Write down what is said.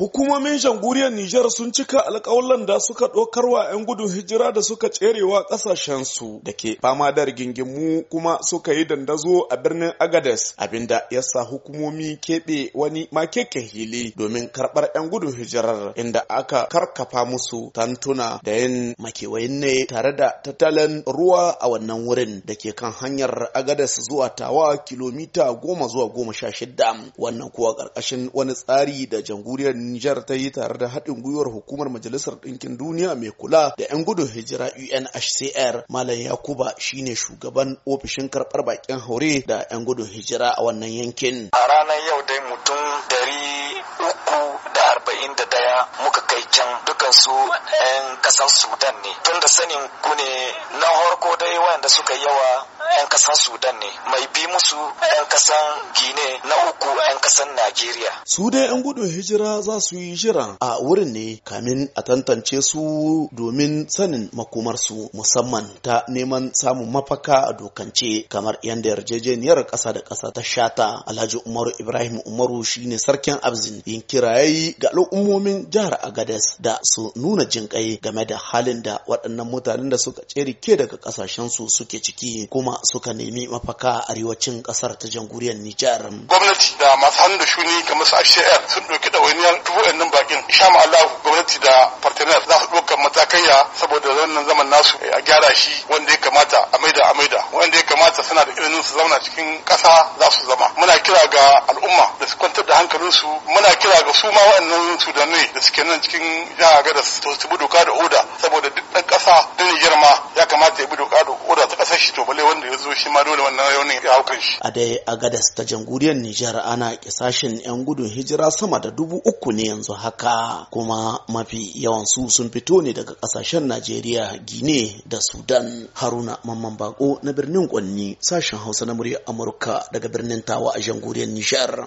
Hukumomin jamhuriyar Nijar sun cika alƙawalan da suka ɗaukar wa 'yan gudun hijira da suka tserewa ƙasashensu da ke fama da rigingimu kuma suka yi dandazo a birnin Agades abinda ya sa hukumomi keɓe wani makeke hili domin karɓar 'yan gudun hijirar inda aka karkafa musu tantuna da yin makewayin ne tare da tattalin ruwa a wannan wurin da ke kan hanyar Agades zuwa tawa kilomita goma zuwa goma sha shida wannan kuwa ƙarƙashin wani tsari da jamhuriyar Nijar ta yi tare da haɗin gwiwar hukumar Majalisar Ɗinkin Duniya mai kula da 'yan gudun hijira UNHCR Malam Yakuba shine shugaban ofishin karɓar baƙin haure da 'yan gudun hijira a wannan yankin. A ranar yau dai mutum dari uku da da ɗaya. muka suka can dukan 'yan kasan sudan ne tunda da sanin ku ne na harko dai wanda suka yawa 'yan kasan sudan ne mai bi musu 'yan kasan gine na uku 'yan kasan najeriya su dai 'yan gudun hijira za su yi jira a wurin ne kamin a tantance su domin sanin su musamman ta neman samun mafaka a dokance kamar yadda yarjejeniyar ƙasa da ƙasa ta shata alhaji umaru ibrahim umaru shine sarkin abzin yin kirayayi ga al'ummomin jihar agada Bangladesh da su nuna jinƙai game da halin da waɗannan mutanen da suka ke daga su suke ciki kuma suka nemi mafaka a arewacin ƙasar ta jamhuriyar Nijar. Gwamnati da masu hannu da shuni kamar su HCR sun ɗauki ɗawainiyar dubu nan bakin. sha Allah gwamnati da partner za su ɗauka matakanya saboda wannan zaman nasu a gyara shi wanda ya kamata a maida a maida. hankalin su zauna cikin ƙasa za su zama muna kira ga al'umma da su kwantar da hankalin su muna kira ga su ma waɗannan su da suke nan cikin jihar gadas to su bi doka da oda saboda duk ɗan ƙasa da Nijar ma wanda ya zo shi ma dole wannan ya haukan shi a dai a gadas ta jamhuriyar Nijar ana kisashin yan gudun hijira sama da dubu uku ne yanzu haka kuma mafi yawan su sun fito ne daga kasashen Najeriya Gine da Sudan Haruna Mamman Bako na birnin Kwanni sashen Hausa na murya Amurka daga birnin Tawa a jamhuriyar Nijar